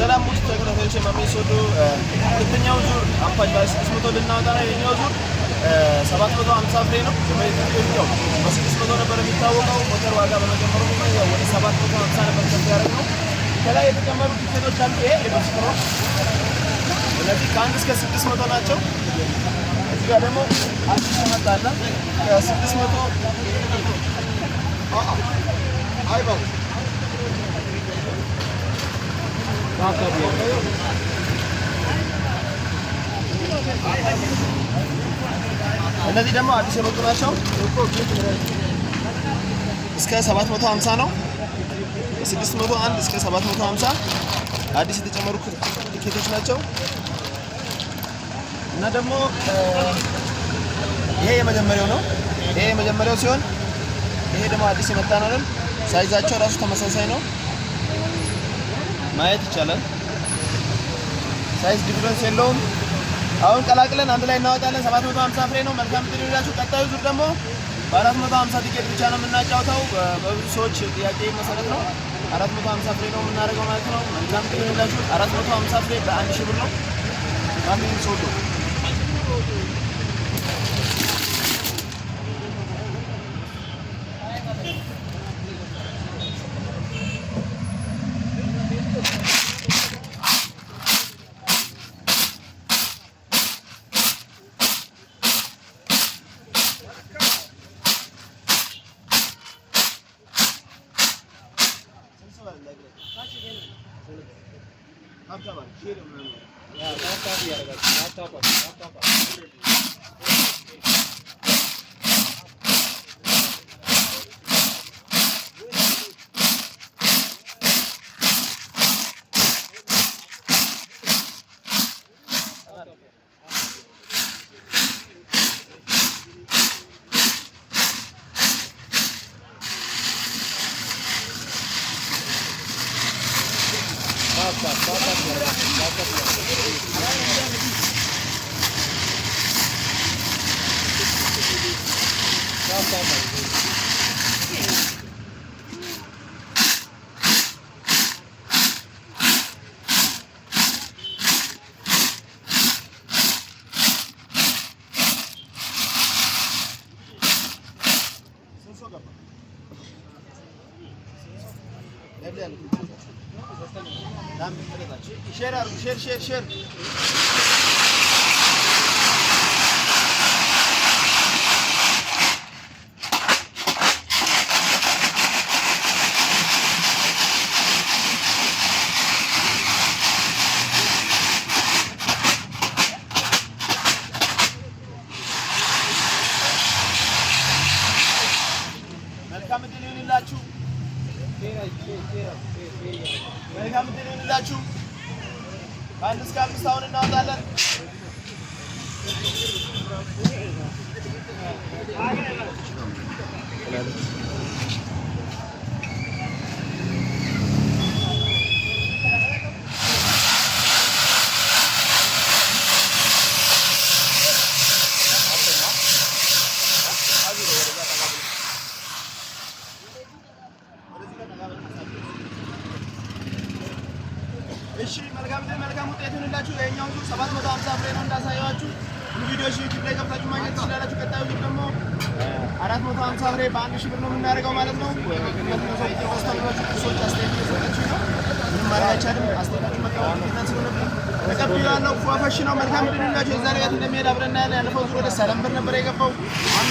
ሰላም ውስጥ ተከታታዮች የማሜ ሁለተኛው ዙር አምፓጅ ባለ 600 መቶ ልናወጣ ነው። የኛው ዙር 750 መቶ ፍሬ ነው። ያው በስድስት ነበር የሚታወቀው ሞተር ዋጋ በመጨመሩ ወደ ሰባት ነበር ያደረግ ነው። ከላይ የተጨመሩ ቲኬቶች አሉ። ይሄ የመስክሮ እነዚህ ከአንድ እስከ 600 ናቸው። እዚህ ጋር ደግሞ አዲስ መጣና ከስድስት መቶ እነዚህ ደግሞ አዲስ የመጡ ናቸው። እስከ 750 ነው። ከ601 እስከ 750 አዲስ የተጨመሩ ኬቶች ናቸው እና ደግሞ ይሄ የመጀመሪያው ነው። ይሄ የመጀመሪያው ሲሆን ይሄ ደግሞ አዲስ የመጣ ነው። ሳይዛቸው ራሱ ተመሳሳይ ነው። ማየት ይቻላል። ሳይዝ ዲፍረንስ የለውም። አሁን ቀላቅለን አንድ ላይ እናወጣለን። 750 ፍሬ ነው። መልካም ትሪላችሁ። ቀጣዩ ዙር ደግሞ በ450 ቲኬት ብቻ ነው የምናጫውተው። በብዙ ሰዎች ጥያቄ መሰረት ነው 450 ፍሬ ነው የምናደርገው ማለት ነው። መልካም ትሪላችሁ። 450 ፍሬ በአንድ ሺህ ብር ነው ማንም ሰው వస్తుంది దగ్గర ల్యాప్టాప్ అది షేర్ ల్యాప్టాప్ ఇవ్వాలి కదా ల్యాప్టాప్ అది laptop Thank you. gracias. Evleyelim. Lan Tamam, kere kaç. İşer abi, işer, işer, işer. ትላለች። እሺ መልካም መልካም ውጤት ይሁንላችሁ። የኛው ዙር 750 ፍሬ ነው እንዳሳየዋችሁ። ቪዲዮዎች ዩቲዩብ ላይ ገብታችሁ ማግኘት ትችላላችሁ። ቀጣዩ ጊዜ ደግሞ አራት መቶ ሀምሳ ብር በአንድ ሺህ ብር ነው የምናደርገው ማለት ነው። ፏፈሽ ነው። መልካም ድንላቸው። የዛሬ ጋት እንደሚሄድ አብረና ያለ ያለፈው ዙር ወደ ሰላም ብር ነበር የገባው አሜ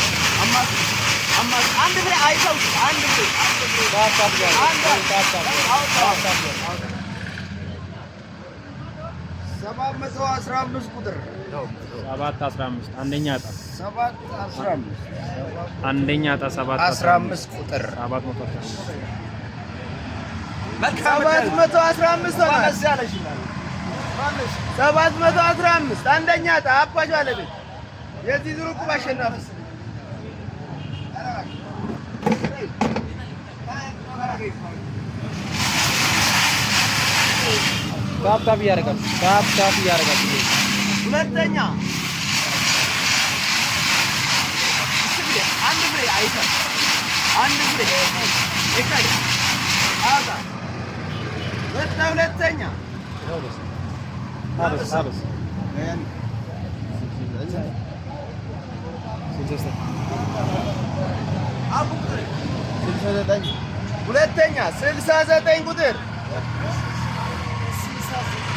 አንድ መቶ አስራ አምስት ሰባት አስራ አምስት አንደኛ ዕጣ ሰባት አስራ አምስት አንደኛ ዕጣ ሰባት አስራ አምስት ቁጥር ሰባት መቶ አስራ አምስት ሰባት መቶ አስራ አምስት አንደኛ ዕጣ አባጅ ባለቤት የዚህ ዙር ዕቁብ አሸናፊ ጋብ ጋብ እያደረጋል። ጋብ ጋብ እያደረጋል። ሁለተኛ አንድ ብሬ አይተህ አንድ ብሬ ይካይ አዛ ወጣ። ሁለተኛ ሁለተኛ ስልሳ ዘጠኝ ቁጥር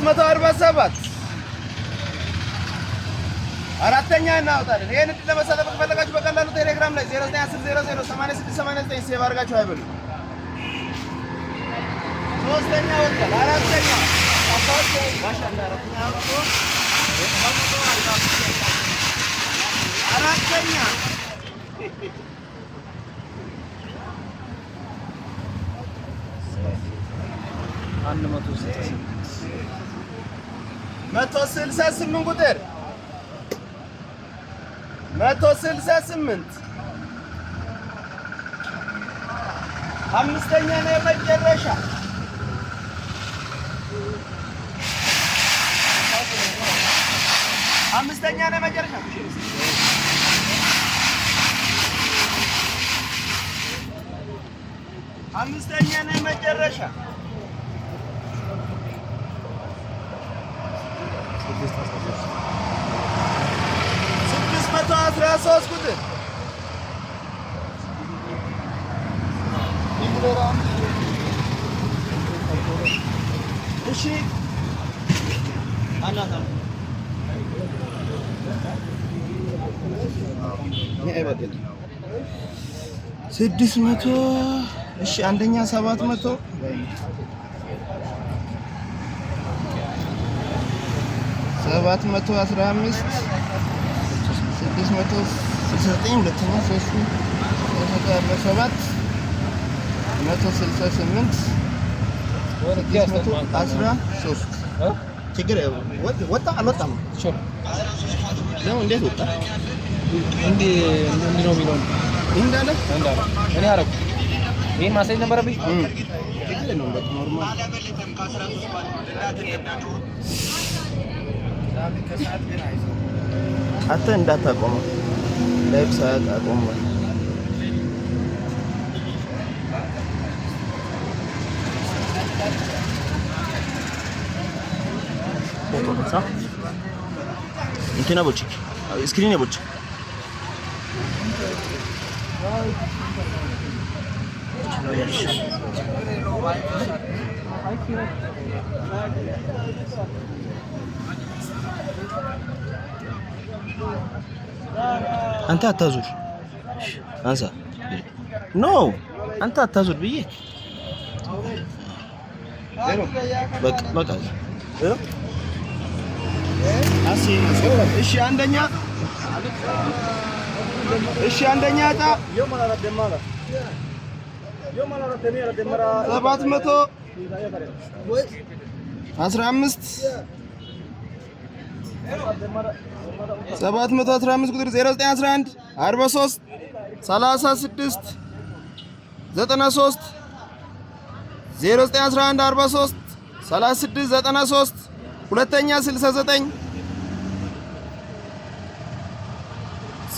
547 አራተኛ እናወጣለን። ይሄን እድል ለመሳተፍ ከፈለጋችሁ በቀላሉ ቴሌግራም ላይ 0910008689 ሴቭ አድርጋችሁ አይበሉ። ሶስተኛ ወጣል። አራተኛ አራተኛ አንድ መቶ መቶ ስልሳ ስምንት ቁጥር መቶ ስልሳ ስምንት አምስተኛ ነው የመጨረሻ አምስተኛ ነው የመጨረሻ አምስተኛ ነው የመጨረሻ እሺ ስድስት መቶ እሺ፣ አንደኛ ሰባት መቶ ሰባት መቶ አስራ አምስት ስድስት መቶ ስልሳ ዘጠኝ ሁለተኛ ሶስቱ ሰባት መቶ ስልሳ ችግር ወጣ አልወጣም እንዴት ወጣ? እንዲህ ነው የሚለው እንዳለ እንዳለ እኔ አደረኩ። ይህን ማሳየት ነበረብኝ። አንተ እንዳታቆመው ላይፍ ሰዓት Sa? Inke na bolčík. Skrini bolčík. Čelo je አንተ አታዙር፣ አንሳ። ኖ አንተ አታዙር ብዬ በቃ በቃ እሺ አንደኛ እሺ አንደኛ ዕጣ ሰባት መቶ አስራ አምስት ሰባት መቶ አስራ አምስት ቁጥር ዜሮ ዘጠኝ አስራ አንድ አርባ ሶስት ሰላሳ ስድስት ዘጠና ሶስት ዜሮ ዘጠኝ አስራ አንድ አርባ ሶስት ሰላሳ ስድስት ዘጠና ሶስት ሁለተኛ ስልሳ ዘጠኝ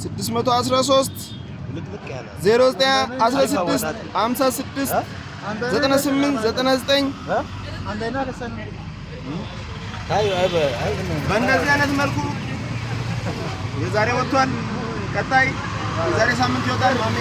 613 09 56 98 99 በእንደዚህ አይነት መልኩ የዛሬ ወጥቷል። ቀጣይ የዛሬ ሳምንት ይወጣል። ማሜ